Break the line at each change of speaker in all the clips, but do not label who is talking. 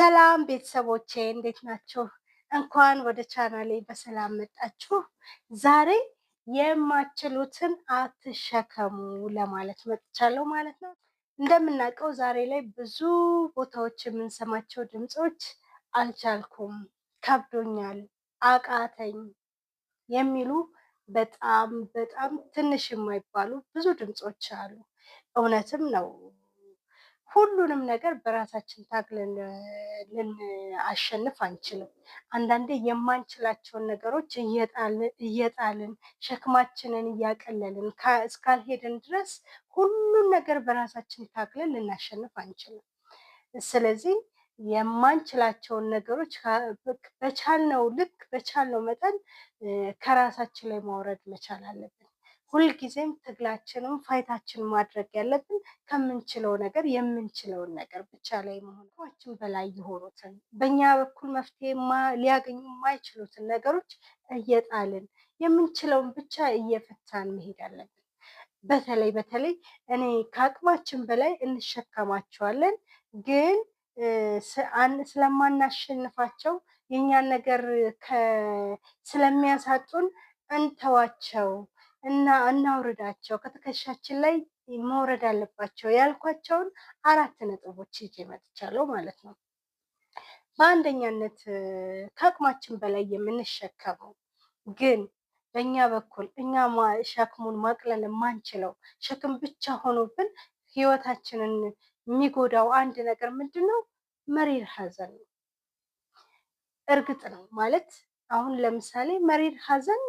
ሰላም ቤተሰቦቼ እንዴት ናችሁ? እንኳን ወደ ቻናሌ በሰላም መጣችሁ። ዛሬ የማችሉትን አትሸከሙ ለማለት መጥቻለሁ ማለት ነው። እንደምናውቀው ዛሬ ላይ ብዙ ቦታዎች የምንሰማቸው ድምፆች አልቻልኩም፣ ከብዶኛል፣ አቃተኝ የሚሉ በጣም በጣም ትንሽ የማይባሉ ብዙ ድምፆች አሉ። እውነትም ነው ሁሉንም ነገር በራሳችን ታግለን ልንአሸንፍ አንችልም። አንዳንዴ የማንችላቸውን ነገሮች እየጣልን ሸክማችንን እያቀለልን እስካልሄድን ድረስ ሁሉን ነገር በራሳችን ታግለን ልናሸንፍ አንችልም። ስለዚህ የማንችላቸውን ነገሮች በቻልነው ልክ በቻልነው መጠን ከራሳችን ላይ ማውረድ መቻል አለብን። ሁልጊዜም ትግላችንም ፋይታችን ማድረግ ያለብን ከምንችለው ነገር የምንችለውን ነገር ብቻ ላይ መሆን ችን በላይ የሆኑትን በእኛ በኩል መፍትሄ ሊያገኙ የማይችሉትን ነገሮች እየጣልን የምንችለውን ብቻ እየፈታን መሄድ አለብን። በተለይ በተለይ እኔ ከአቅማችን በላይ እንሸከማቸዋለን ግን ስለማናሸንፋቸው የእኛን ነገር ስለሚያሳጡን እንተዋቸው እና እናውርዳቸው ከትከሻችን ላይ መውረድ አለባቸው ያልኳቸውን አራት ነጥቦች ይዤ መጥቻለሁ ማለት ነው። በአንደኛነት ከአቅማችን በላይ የምንሸከመው ግን በእኛ በኩል እኛ ሸክሙን ማቅለል የማንችለው ሸክም ብቻ ሆኖብን ህይወታችንን የሚጎዳው አንድ ነገር ምንድን ነው? መሪር ሐዘን ነው። እርግጥ ነው ማለት አሁን ለምሳሌ መሪር ሐዘን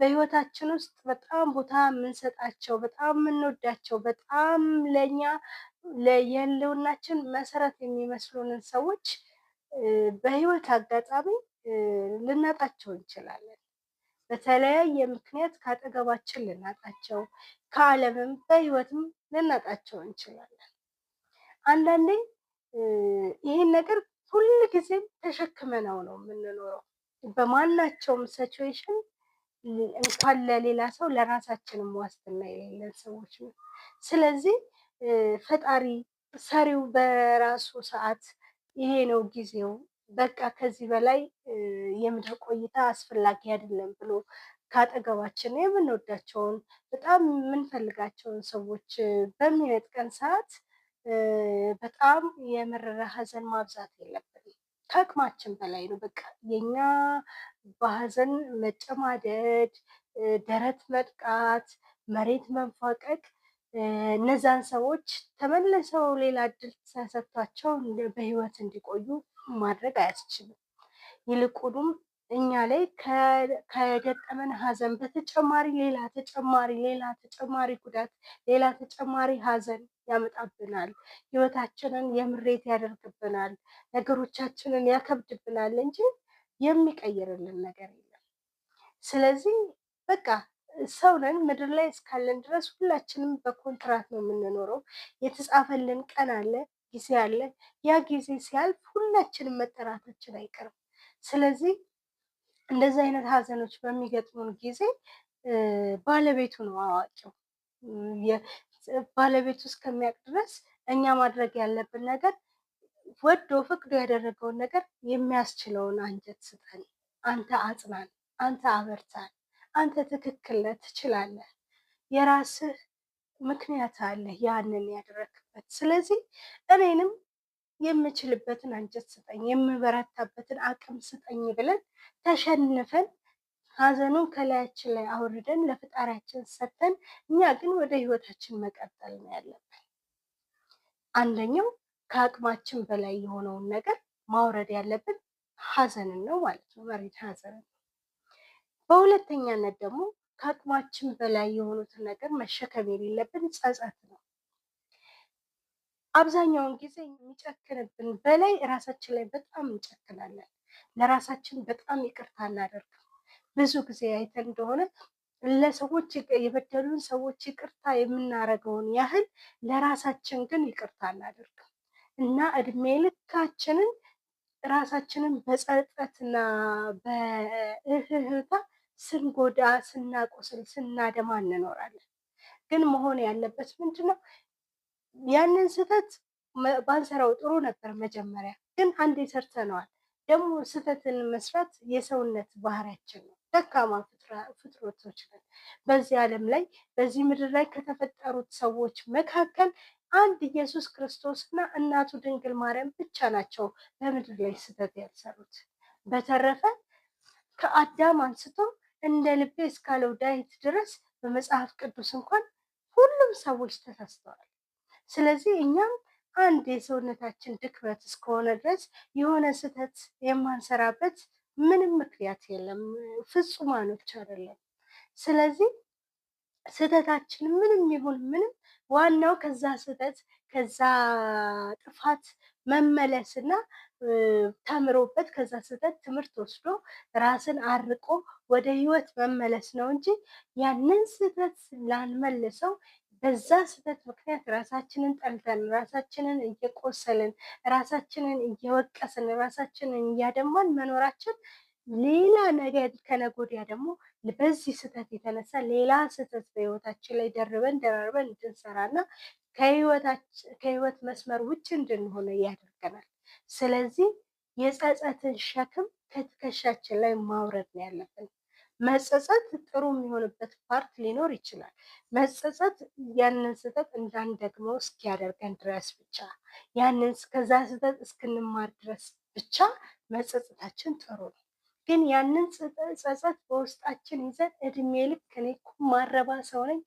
በህይወታችን ውስጥ በጣም ቦታ የምንሰጣቸው በጣም የምንወዳቸው በጣም ለእኛ ለየለውናችን መሰረት የሚመስሉንን ሰዎች በህይወት አጋጣሚ ልናጣቸው እንችላለን። በተለያየ ምክንያት ከአጠገባችን ልናጣቸው፣ ከዓለምም በህይወትም ልናጣቸው እንችላለን። አንዳንዴ ይህን ነገር ሁል ጊዜም ተሸክመነው ነው የምንኖረው። በማናቸውም ሲቹዌሽን እንኳን ለሌላ ሰው ለራሳችንም ዋስትና የሌለን ሰዎች ነው። ስለዚህ ፈጣሪ ሰሪው በራሱ ሰዓት ይሄ ነው ጊዜው፣ በቃ ከዚህ በላይ የምድር ቆይታ አስፈላጊ አይደለም ብሎ ከአጠገባችን የምንወዳቸውን በጣም የምንፈልጋቸውን ሰዎች በሚነጥቀን ሰዓት በጣም የመረረ ሐዘን ማብዛት የለም። ከአቅማችን በላይ ነው። በቃ የኛ በሀዘን መጨማደድ፣ ደረት መጥቃት፣ መሬት መንፋቀቅ እነዛን ሰዎች ተመልሰው ሌላ እድል ተሰጥቷቸው በህይወት እንዲቆዩ ማድረግ አያስችልም። ይልቁንም እኛ ላይ ከገጠመን ሀዘን በተጨማሪ ሌላ ተጨማሪ ሌላ ተጨማሪ ጉዳት ሌላ ተጨማሪ ሀዘን ያመጣብናል። ህይወታችንን የምሬት ያደርግብናል። ነገሮቻችንን ያከብድብናል እንጂ የሚቀይርልን ነገር የለም። ስለዚህ በቃ ሰው ነን ምድር ላይ እስካለን ድረስ ሁላችንም በኮንትራት ነው የምንኖረው። የተጻፈልን ቀን አለ፣ ጊዜ አለ። ያ ጊዜ ሲያልፍ ሁላችንም መጠራታችን አይቀርም። ስለዚህ እንደዚህ አይነት ሀዘኖች በሚገጥሙን ጊዜ ባለቤቱ ነው አዋቂው። ባለቤቱ እስከሚያውቅ ድረስ እኛ ማድረግ ያለብን ነገር ወዶ ፈቅዶ ያደረገውን ነገር የሚያስችለውን አንጀት ስጠን። አንተ አጽናን፣ አንተ አበርታን፣ አንተ ትክክል ነህ፣ ትችላለህ። የራስህ ምክንያት አለ ያንን ያደረክበት። ስለዚህ እኔንም የምችልበትን አንጀት ስጠኝ፣ የምበረታበትን አቅም ስጠኝ ብለን ተሸንፈን ሀዘኑን ከላያችን ላይ አውርደን ለፈጣሪያችን ሰጥተን፣ እኛ ግን ወደ ህይወታችን መቀጠል ነው ያለብን። አንደኛው ከአቅማችን በላይ የሆነውን ነገር ማውረድ ያለብን ሀዘንን ነው ማለት ነው፣ መሬት ሀዘንን። በሁለተኛነት ደግሞ ከአቅማችን በላይ የሆኑትን ነገር መሸከም የሌለብን ጸጸት ነው። አብዛኛውን ጊዜ የሚጨክንብን በላይ ራሳችን ላይ በጣም እንጨክናለን። ለራሳችን በጣም ይቅርታ እናደርግ ብዙ ጊዜ አይተን እንደሆነ ለሰዎች የበደሉን ሰዎች ይቅርታ የምናደርገውን ያህል ለራሳችን ግን ይቅርታ አናደርግም እና እድሜ ልካችንን ራሳችንን በጸጸትና በእህህታ ስንጎዳ፣ ስናቆስል፣ ስናደማ እንኖራለን። ግን መሆን ያለበት ምንድን ነው? ያንን ስህተት ባንሰራው ጥሩ ነበር። መጀመሪያ ግን አንዴ ሰርተነዋል። ደግሞ ስህተትን መስራት የሰውነት ባህሪያችን ነው። ደካማ ፍጥረቶች ነን። በዚህ ዓለም ላይ በዚህ ምድር ላይ ከተፈጠሩት ሰዎች መካከል አንድ ኢየሱስ ክርስቶስ እና እናቱ ድንግል ማርያም ብቻ ናቸው በምድር ላይ ስህተት ያልሰሩት። በተረፈ ከአዳም አንስቶ እንደ ልቤ እስካለው ዳዊት ድረስ በመጽሐፍ ቅዱስ እንኳን ሁሉም ሰዎች ተሳስተዋል። ስለዚህ እኛም አንድ የሰውነታችን ድክመት እስከሆነ ድረስ የሆነ ስህተት የማንሰራበት ምንም ምክንያት የለም። ፍጹማኖች አይደለም። ስለዚህ ስህተታችን ምንም ይሁን ምንም ዋናው ከዛ ስህተት ከዛ ጥፋት መመለስና ተምሮበት ከዛ ስህተት ትምህርት ወስዶ ራስን አርቆ ወደ ህይወት መመለስ ነው እንጂ ያንን ስህተት ላንመልሰው በዛ ስህተት ምክንያት ራሳችንን ጠልተን ራሳችንን እየቆሰልን ራሳችንን እየወቀስን ራሳችንን እያደማን መኖራችን ሌላ ነገር ከነገ ደግሞ በዚህ ስህተት የተነሳ ሌላ ስህተት በህይወታችን ላይ ደርበን ደራርበን እንድንሰራና ከህይወት መስመር ውጭ እንድንሆነ ያደርገናል። ስለዚህ የጸጸትን ሸክም ከትከሻችን ላይ ማውረድ ነው ያለብን። መጸጸት ጥሩ የሚሆንበት ፓርት ሊኖር ይችላል። መጸጸት ያንን ስህተት እንዳንደግመው እስኪያደርገን ድረስ ብቻ ያንን ከዛ ስህተት እስክንማር ድረስ ብቻ መጸጸታችን ጥሩ ነው። ግን ያንን ጸጸት በውስጣችን ይዘን እድሜ ልክ እኔ እኮ ማረባ ሰው ነኝ፣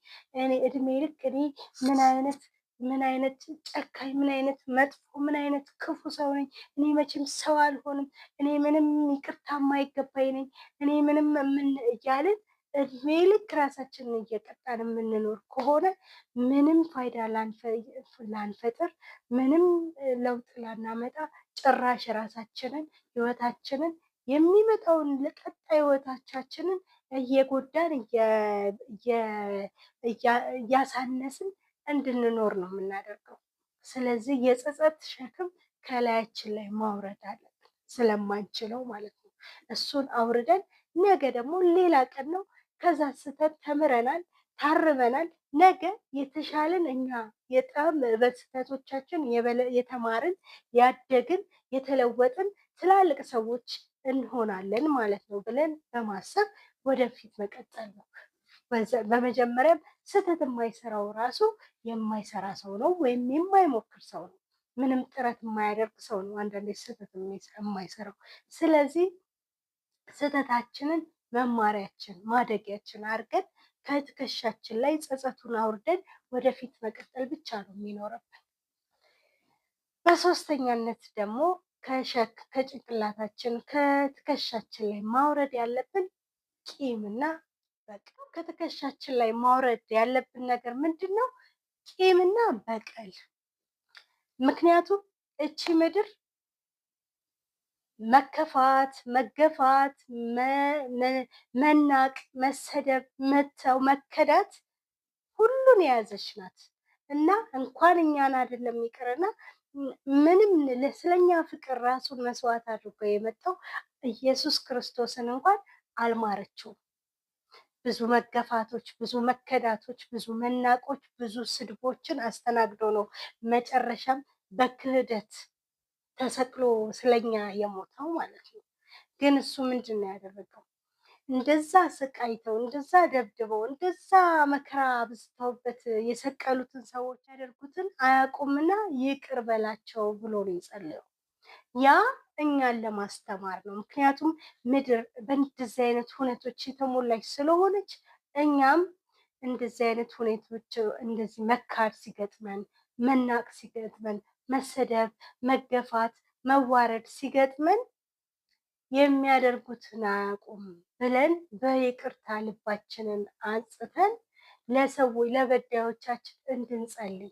እኔ እድሜ ልክ እኔ ምን አይነት ምን አይነት ጨካኝ፣ ምን አይነት መጥፎ፣ ምን አይነት ክፉ ሰው ነኝ እኔ? መቼም ሰው አልሆንም እኔ ምንም ይቅርታ የማይገባኝ ነኝ እኔ ምንም ምን እያልን እድሜ ልክ ራሳችንን እየቀጣን የምንኖር ከሆነ ምንም ፋይዳ ላንፈጥር፣ ምንም ለውጥ ላናመጣ፣ ጭራሽ ራሳችንን ህይወታችንን የሚመጣውን ለቀጣይ ህይወታቻችንን እየጎዳን እያሳነስን እንድንኖር ነው የምናደርገው። ስለዚህ የጸጸት ሸክም ከላያችን ላይ ማውረድ አለብን፣ ስለማንችለው ማለት ነው። እሱን አውርደን ነገ ደግሞ ሌላ ቀን ነው። ከዛ ስህተት ተምረናል፣ ታርበናል። ነገ የተሻለን እኛ የጠም በስህተቶቻችን የተማርን ያደግን የተለወጥን ትላልቅ ሰዎች እንሆናለን ማለት ነው ብለን በማሰብ ወደፊት መቀጠል ነው። በመጀመሪያም ስህተት የማይሰራው ራሱ የማይሰራ ሰው ነው ወይም የማይሞክር ሰው ነው። ምንም ጥረት የማያደርግ ሰው ነው አንዳንዴ ስህተት የማይሰራው። ስለዚህ ስህተታችንን መማሪያችን ማደጊያችን አድርገን ከትከሻችን ላይ ጸጸቱን አውርደን ወደፊት መቀጠል ብቻ ነው የሚኖርብን። በሶስተኛነት ደግሞ ከሸክ ከጭንቅላታችን ከትከሻችን ላይ ማውረድ ያለብን ቂምና በቃ ከትከሻችን ላይ ማውረድ ያለብን ነገር ምንድን ነው? ቂምና በቀል። ምክንያቱም እቺ ምድር መከፋት፣ መገፋት፣ መናቅ፣ መሰደብ፣ መተው፣ መከዳት ሁሉን የያዘች ናት እና እንኳን እኛን አይደለም ይቅርና ምንም ስለኛ ፍቅር ራሱን መስዋዕት አድርጎ የመጣው ኢየሱስ ክርስቶስን እንኳን አልማረችውም። ብዙ መገፋቶች፣ ብዙ መከዳቶች፣ ብዙ መናቆች፣ ብዙ ስድቦችን አስተናግዶ ነው መጨረሻም በክህደት ተሰቅሎ ስለኛ የሞተው ማለት ነው። ግን እሱ ምንድን ነው ያደረገው? እንደዛ ስቃይተው፣ እንደዛ ደብድበው፣ እንደዛ መከራ ብዝተውበት የሰቀሉትን ሰዎች ያደርጉትን አያውቁምና ይቅር በላቸው ብሎ ነው የጸለየው። ያ እኛን ለማስተማር ነው። ምክንያቱም ምድር በእንደዚህ አይነት ሁነቶች የተሞላች ስለሆነች እኛም እንደዚህ አይነት ሁኔታዎች እንደዚህ መካድ ሲገጥመን፣ መናቅ ሲገጥመን፣ መሰደብ፣ መገፋት፣ መዋረድ ሲገጥመን የሚያደርጉትን አያውቁም ብለን በይቅርታ ልባችንን አንጽተን ለሰዎች ለበዳዮቻችን እንድንጸልይ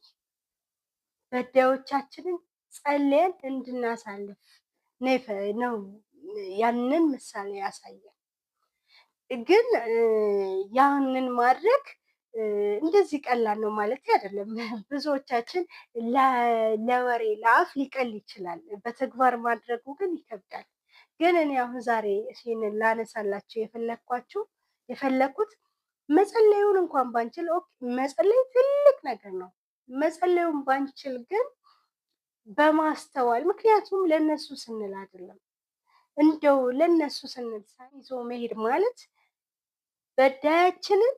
በዳዮቻችንን ጸልየን እንድናሳልፍ ነው። ያንን ምሳሌ ያሳያል። ግን ያንን ማድረግ እንደዚህ ቀላል ነው ማለት አይደለም። ብዙዎቻችን ለወሬ ለአፍ ሊቀል ይችላል፣ በተግባር ማድረጉ ግን ይከብዳል። ግን እኔ አሁን ዛሬ ይህንን ላነሳላቸው የፈለግኳቸው የፈለግኩት መጸለዩን እንኳን ባንችል መጸለይ ትልቅ ነገር ነው። መጸለዩን ባንችል ግን በማስተዋል ምክንያቱም ለነሱ ስንል አይደለም እንደው ለነሱ ስንል ሳይዞ መሄድ ማለት በዳያችንን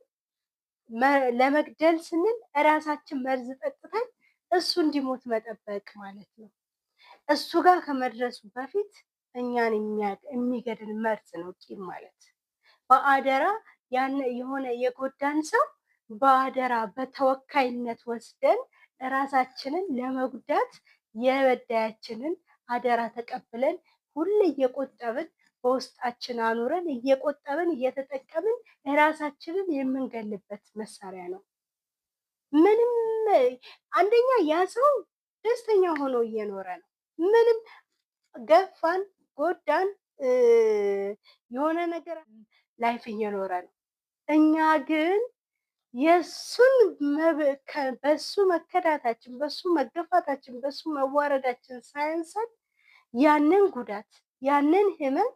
ለመግደል ስንል እራሳችን መርዝ ጠጥተን እሱ እንዲሞት መጠበቅ ማለት ነው። እሱ ጋር ከመድረሱ በፊት እኛን የሚገድል መርዝ ነው ቂም ማለት። በአደራ ያን የሆነ የጎዳን ሰው በአደራ በተወካይነት ወስደን እራሳችንን ለመጉዳት የበዳያችንን አደራ ተቀብለን ሁሌ እየቆጠብን በውስጣችን አኑረን እየቆጠብን እየተጠቀምን ራሳችንን የምንገልበት መሳሪያ ነው። ምንም አንደኛ ያ ሰው ደስተኛ ሆኖ እየኖረ ነው። ምንም ገፋን ጎዳን የሆነ ነገር ላይፍ እየኖረ ነው። እኛ ግን የእሱን በሱ መከዳታችን በሱ መገፋታችን በሱ መዋረዳችን ሳያንሰን ያንን ጉዳት ያንን ህመም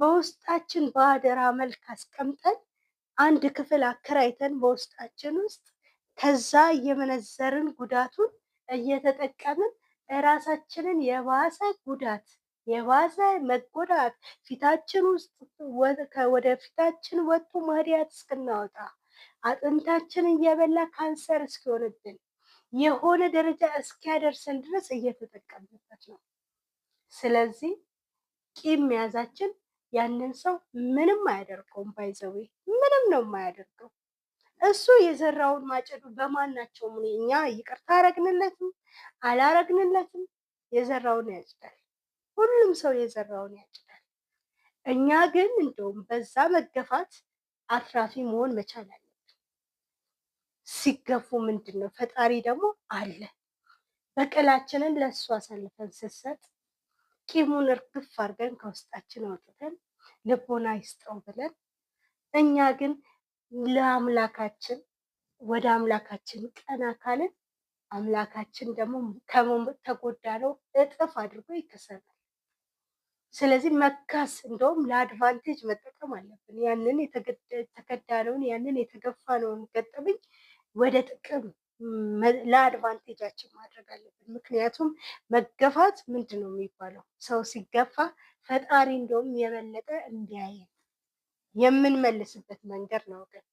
በውስጣችን በአደራ መልክ አስቀምጠን አንድ ክፍል አከራይተን በውስጣችን ውስጥ ከዛ እየመነዘርን ጉዳቱን እየተጠቀምን እራሳችንን የባሰ ጉዳት የባሰ መጎዳት ፊታችን ውስጥ ወደ ፊታችን ወጡ ማህሪያት እስክናወጣ አጥንታችን እየበላ ካንሰር እስኪሆንብን የሆነ ደረጃ እስኪያደርሰን ድረስ እየተጠቀምንበት ነው። ስለዚህ ቂም መያዛችን ያንን ሰው ምንም አያደርገውም። ባይዘዌ ምንም ነው የማያደርገው። እሱ የዘራውን ማጨዱ በማናቸውም እኛ ይቅርታ አረግንለትም አላረግንለትም የዘራውን ያጭዳል። ሁሉም ሰው የዘራውን ያጭዳል። እኛ ግን እንደውም በዛ መገፋት አትራፊ መሆን መቻል ሲገፉ ምንድን ነው? ፈጣሪ ደግሞ አለ። በቀላችንን ለእሱ አሳልፈን ስሰጥ ቂሙን እርግፍ አድርገን ከውስጣችን አውጥተን ልቦና ይስጠው ብለን እኛ ግን ለአምላካችን ወደ አምላካችን ቀና ካልን አምላካችን ደግሞ ከተጎዳነው እጥፍ አድርጎ ይከሰናል። ስለዚህ መካስ እንደውም ለአድቫንቴጅ መጠቀም አለብን። ያንን የተከዳነውን ያንን የተገፋነውን ገጠመኝ ወደ ጥቅም ለአድቫንቴጃችን ማድረግ አለብን። ምክንያቱም መገፋት ምንድን ነው የሚባለው? ሰው ሲገፋ ፈጣሪ እንደውም የበለጠ እንዲያየን የምንመልስበት መንገድ ነው። ግን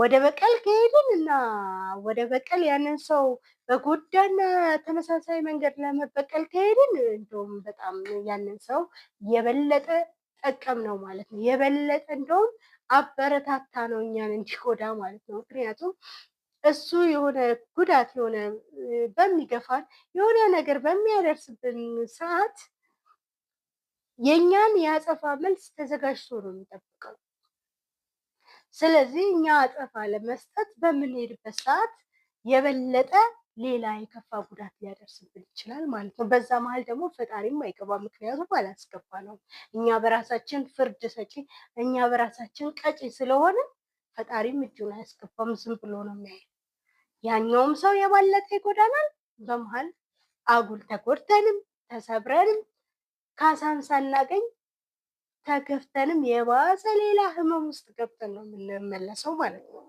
ወደ በቀል ከሄድን እና ወደ በቀል ያንን ሰው በጎዳና ተመሳሳይ መንገድ ለመበቀል ከሄድን እንደውም በጣም ያንን ሰው የበለጠ ጠቀም ነው ማለት ነው የበለጠ እንደውም አበረታታ ነው እኛን እንዲጎዳ ማለት ነው። ምክንያቱም እሱ የሆነ ጉዳት የሆነ በሚገፋን የሆነ ነገር በሚያደርስብን ሰዓት የእኛን የአጸፋ መልስ ተዘጋጅቶ ነው የሚጠብቀው። ስለዚህ እኛ አጸፋ ለመስጠት በምንሄድበት ሰዓት የበለጠ ሌላ የከፋ ጉዳት ሊያደርስብን ይችላል ማለት ነው። በዛ መሀል ደግሞ ፈጣሪም አይገባ፣ ምክንያቱም አላስገባ ነው። እኛ በራሳችን ፍርድ ሰጪ፣ እኛ በራሳችን ቀጪ ስለሆነ ፈጣሪም እጁን አያስገባም። ዝም ብሎ ነው የሚያየ። ያኛውም ሰው የባለጠ ይጎዳናል። በመሀል አጉል ተጎድተንም ተሰብረንም ካሳን ሳናገኝ ተከፍተንም የባሰ ሌላ ህመም ውስጥ ገብተን ነው የምንመለሰው ማለት ነው።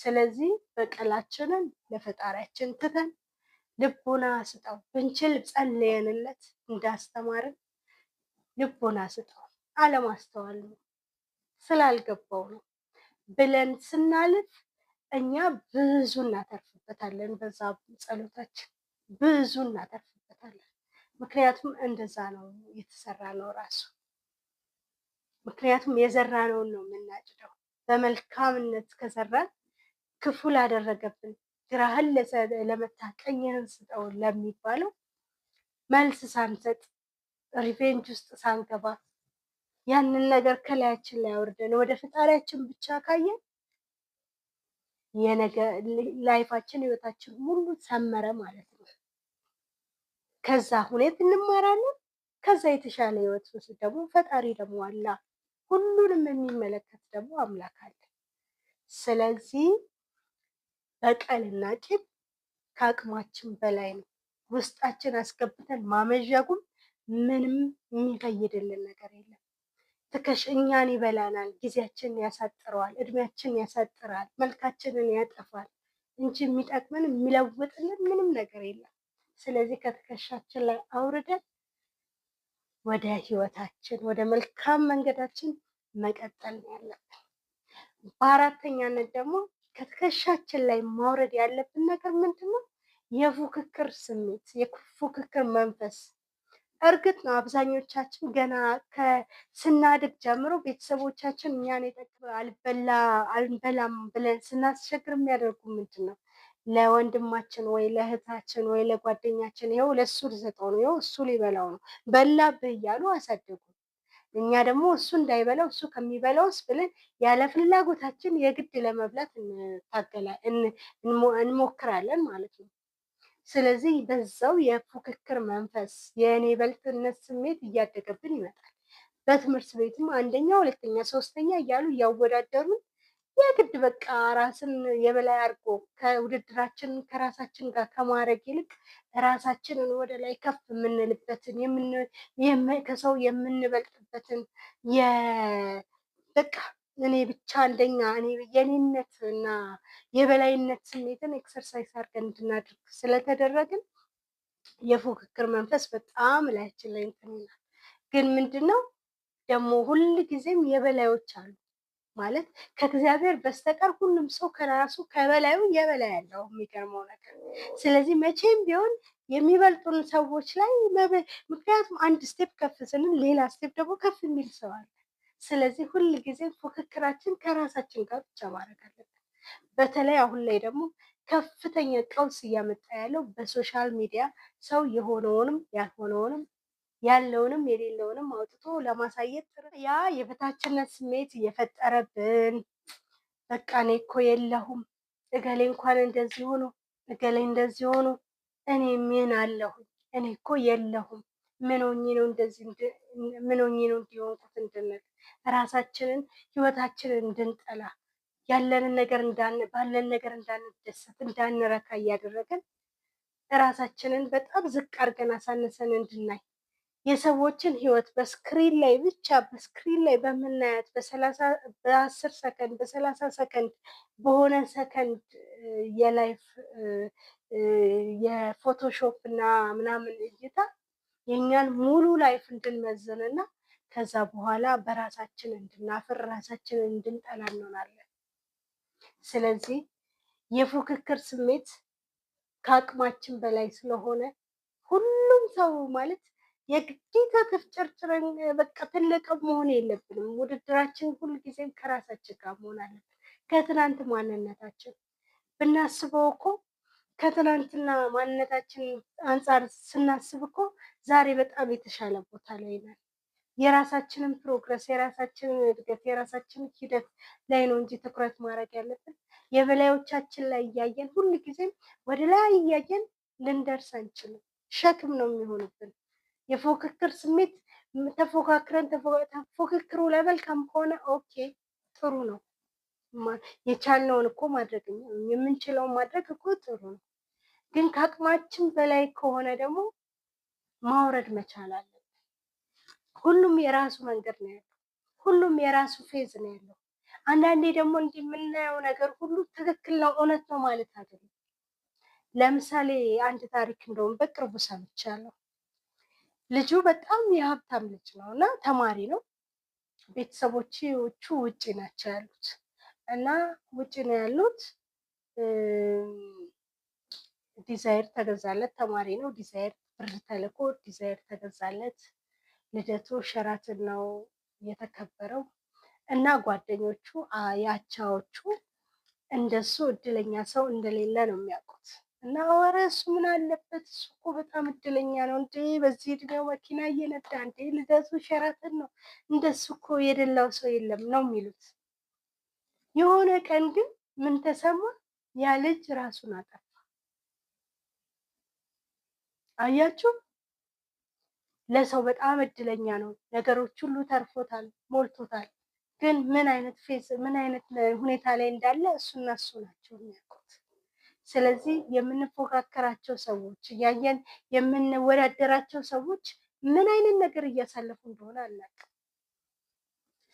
ስለዚህ በቀላችንን ለፈጣሪያችን ትተን ልቦና ስጠው ብንችል ጸልየንለት እንዳስተማርን ልቦና ስጠው አለማስተዋል ነው ስላልገባው ነው ብለን ስናልፍ እኛ ብዙ እናተርፍበታለን። በዛ ጸሎታችን ብዙ እናተርፍበታለን። ምክንያቱም እንደዛ ነው የተሰራ ነው ራሱ። ምክንያቱም የዘራነውን ነው የምናጭደው። በመልካምነት ከዘራን ክፉ ላደረገብን ግራህን ለመታ ቀኝህን ስጠው ለሚባለው መልስ ሳንሰጥ ሪቬንጅ ውስጥ ሳንገባ ያንን ነገር ከላያችን ላይ አውርደን ወደ ፈጣሪያችን ብቻ ካየን የነገ ላይፋችን ህይወታችን ሙሉ ሰመረ ማለት ነው። ከዛ ሁኔት እንማራለን። ከዛ የተሻለ ህይወት ውስጥ ደግሞ ፈጣሪ ደግሞ አላ ሁሉንም የሚመለከት ደግሞ አምላክ አለ። ስለዚህ በቀልና ቂም ከአቅማችን በላይ ነው። ውስጣችን አስገብተን ማመዣጉም ምንም የሚፈይድልን ነገር የለም። ትከሽ እኛን ይበላናል፣ ጊዜያችንን ያሳጥረዋል፣ እድሜያችንን ያሳጥራል፣ መልካችንን ያጠፋል እንጂ የሚጠቅምን የሚለውጥልን ምንም ነገር የለም። ስለዚህ ከትከሻችን ላይ አውርደን ወደ ህይወታችን ወደ መልካም መንገዳችን መቀጠል ነው ያለብን። በአራተኛነት ደግሞ ከትከሻችን ላይ ማውረድ ያለብን ነገር ምንድን ነው? የፉክክር ስሜት፣ የፉክክር መንፈስ። እርግጥ ነው አብዛኞቻችን ገና ከስናድግ ጀምሮ ቤተሰቦቻችን እኛን የጠቅበ አልበላ አልበላም ብለን ስናስቸግር የሚያደርጉ ምንድን ነው ለወንድማችን ወይ ለእህታችን ወይ ለጓደኛችን ይኸው ለእሱ ልሰጠው ነው፣ ይኸው እሱ ሊበላው ነው፣ በላብህ እያሉ አሳደጉ። እኛ ደግሞ እሱ እንዳይበላው እሱ ከሚበላውስ ብለን ያለ ፍላጎታችን የግድ ለመብላት እንሞክራለን ማለት ነው። ስለዚህ በዛው የፉክክር መንፈስ የእኔ በልጥነት ስሜት እያደገብን ይመጣል። በትምህርት ቤትም አንደኛ፣ ሁለተኛ፣ ሶስተኛ እያሉ እያወዳደሩን የግድ በቃ ራስን የበላይ አድርጎ ከውድድራችን ከራሳችን ጋር ከማድረግ ይልቅ ራሳችንን ወደ ላይ ከፍ የምንልበትን ከሰው የምንበልጥበትን በቃ እኔ ብቻ አንደኛ የኔነት እና የበላይነት ስሜትን ኤክሰርሳይዝ አድርገን እንድናደርግ ስለተደረግን የፉክክር መንፈስ በጣም ላያችን ላይ እንትን ይላል። ግን ምንድን ነው ደግሞ ሁል ጊዜም የበላዮች አሉ ማለት ከእግዚአብሔር በስተቀር ሁሉም ሰው ከራሱ ከበላዩ የበላይ ያለው የሚገርመው ነገር። ስለዚህ መቼም ቢሆን የሚበልጡን ሰዎች ላይ ምክንያቱም አንድ ስቴፕ ከፍ ስንል ሌላ ስቴፕ ደግሞ ከፍ የሚል ሰው አለ። ስለዚህ ሁል ጊዜ ፉክክራችን ከራሳችን ጋር ብቻ ማድረግ አለብን። በተለይ አሁን ላይ ደግሞ ከፍተኛ ቀውስ እያመጣ ያለው በሶሻል ሚዲያ ሰው የሆነውንም ያልሆነውንም ያለውንም የሌለውንም አውጥቶ ለማሳየት ያ የበታችነት ስሜት እየፈጠረብን በቃ እኔ እኮ የለሁም፣ እገሌ እንኳን እንደዚህ ሆኖ እገሌ እንደዚህ ሆኖ እኔ ምን አለሁኝ፣ እኔ እኮ የለሁም፣ ምን ሆኜ ነው እንደዚህ ምን ሆኜ ነው እንዲሆንኩት እንድንል ራሳችንን ህይወታችንን እንድንጠላ ያለንን ነገር ባለን ነገር እንዳንደሰት እንዳንረካ እያደረገን ራሳችንን በጣም ዝቅ አድርገን አሳንሰን እንድናይ የሰዎችን ህይወት በስክሪን ላይ ብቻ በስክሪን ላይ በምናያት በአስር ሰከንድ በሰላሳ ሰከንድ በሆነ ሰከንድ የላይፍ የፎቶሾፕ እና ምናምን እይታ የእኛን ሙሉ ላይፍ እንድንመዝን እና ከዛ በኋላ በራሳችን እንድናፍር ራሳችንን እንድንጠላ እንሆናለን። ስለዚህ የፉክክር ስሜት ከአቅማችን በላይ ስለሆነ ሁሉም ሰው ማለት የግዴታ ተፍጨርጭረን በቃ ትልቅ መሆን የለብንም። ውድድራችን ሁልጊዜም ከራሳችን ጋር መሆን አለብን። ከትናንት ማንነታችን ብናስበው እኮ ከትናንትና ማንነታችን አንጻር ስናስብ እኮ ዛሬ በጣም የተሻለ ቦታ ላይ ነን። የራሳችንን ፕሮግረስ፣ የራሳችንን እድገት፣ የራሳችንን ሂደት ላይ ነው እንጂ ትኩረት ማድረግ ያለብን የበላዮቻችን ላይ እያየን ሁልጊዜም ወደ ላይ እያየን ልንደርስ አንችልም። ሸክም ነው የሚሆንብን። የፉክክር ስሜት ተፎካክረን ፉክክሩ ለመልካም ከሆነ ኦኬ ጥሩ ነው። የቻልነውን እኮ ማድረግ የምንችለውን ማድረግ እኮ ጥሩ ነው። ግን ከአቅማችን በላይ ከሆነ ደግሞ ማውረድ መቻል አለብን። ሁሉም የራሱ መንገድ ነው ያለው። ሁሉም የራሱ ፌዝ ነው ያለው። አንዳንዴ ደግሞ እንዲህ የምናየው ነገር ሁሉ ትክክል ነው እውነት ነው ማለት አይደለም። ለምሳሌ አንድ ታሪክ እንደውም በቅርቡ ሰምቻለሁ። ልጁ በጣም የሀብታም ልጅ ነው እና ተማሪ ነው። ቤተሰቦቹ ውጭ ናቸው ያሉት እና ውጭ ነው ያሉት። ዲዛይር ተገዛለት። ተማሪ ነው። ዲዛይር ብር ተልኮ ዲዛይር ተገዛለት። ልደቱ ሸራትን ነው የተከበረው እና ጓደኞቹ ያቻዎቹ እንደሱ እድለኛ ሰው እንደሌለ ነው የሚያውቁት። እና ኧረ እሱ ምን አለበት? እሱ እኮ በጣም እድለኛ ነው እንዴ! በዚህ እድሜው መኪና እየነዳ እንዴ! ልደቱ ሸራተን ነው። እንደሱ እኮ የደላው ሰው የለም ነው የሚሉት። የሆነ ቀን ግን ምን ተሰማ? ያ ልጅ ራሱን አጠፋ። አያችሁ፣ ለሰው በጣም እድለኛ ነው። ነገሮች ሁሉ ተርፎታል፣ ሞልቶታል። ግን ምን አይነት ፌስ ምን አይነት ሁኔታ ላይ እንዳለ እሱና እሱ ናቸው የሚያውቁ ስለዚህ የምንፎካከራቸው ሰዎች እያየን የምንወዳደራቸው ሰዎች ምን አይነት ነገር እያሳለፉ እንደሆነ አናቅ።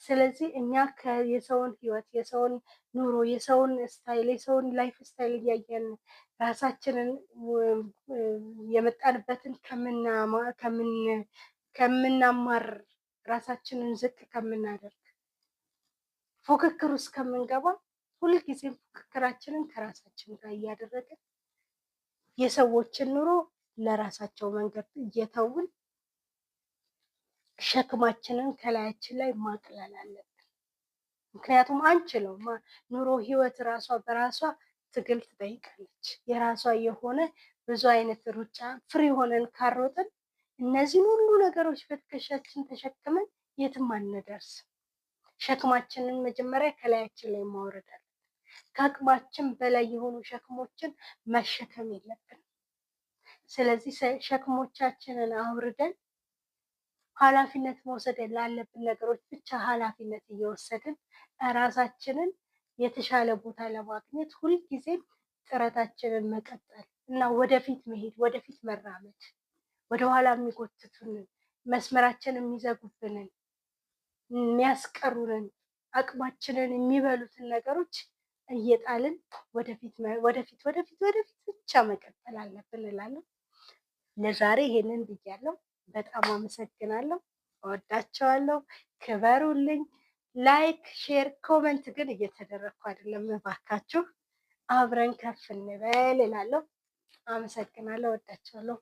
ስለዚህ እኛ የሰውን ህይወት፣ የሰውን ኑሮ፣ የሰውን ስታይል፣ የሰውን ላይፍ ስታይል እያየን ራሳችንን የመጣንበትን ከምናማር ራሳችንን ዝቅ ከምናደርግ ፉክክር ውስጥ ከምንገባ ሁልጊዜ ፉክክራችንን ከራሳችን ጋር እያደረግን የሰዎችን ኑሮ ለራሳቸው መንገድ እየተውን ሸክማችንን ከላያችን ላይ ማቅለል አለብን። ምክንያቱም አንችለው ኑሮ ህይወት ራሷ በራሷ ትግል ትጠይቃለች። የራሷ የሆነ ብዙ አይነት ሩጫ ፍሪ ሆነን ካሮጥን እነዚህን ሁሉ ነገሮች በትከሻችን ተሸክመን የትም አንደርስ። ሸክማችንን መጀመሪያ ከላያችን ላይ ማውረድ ከአቅማችን በላይ የሆኑ ሸክሞችን መሸከም የለብን። ስለዚህ ሸክሞቻችንን አውርደን ኃላፊነት መውሰድ ላለብን ነገሮች ብቻ ኃላፊነት እየወሰድን እራሳችንን የተሻለ ቦታ ለማግኘት ሁልጊዜም ጥረታችንን መቀጠል እና ወደፊት መሄድ ወደፊት መራመድ ወደኋላ የሚጎትቱንን መስመራችንን የሚዘጉብንን የሚያስቀሩንን አቅማችንን የሚበሉትን ነገሮች እየጣልን ወደፊት ወደፊት ወደፊት ወደፊት ብቻ መቀጠል አለብን እላለሁ። ለዛሬ ይሄንን ብያለሁ። በጣም አመሰግናለሁ። እወዳቸዋለሁ። ክበሩልኝ። ላይክ፣ ሼር፣ ኮመንት ግን እየተደረግኩ አይደለም። እባካችሁ አብረን ከፍ እንበል እላለሁ። አመሰግናለሁ። እወዳቸዋለሁ።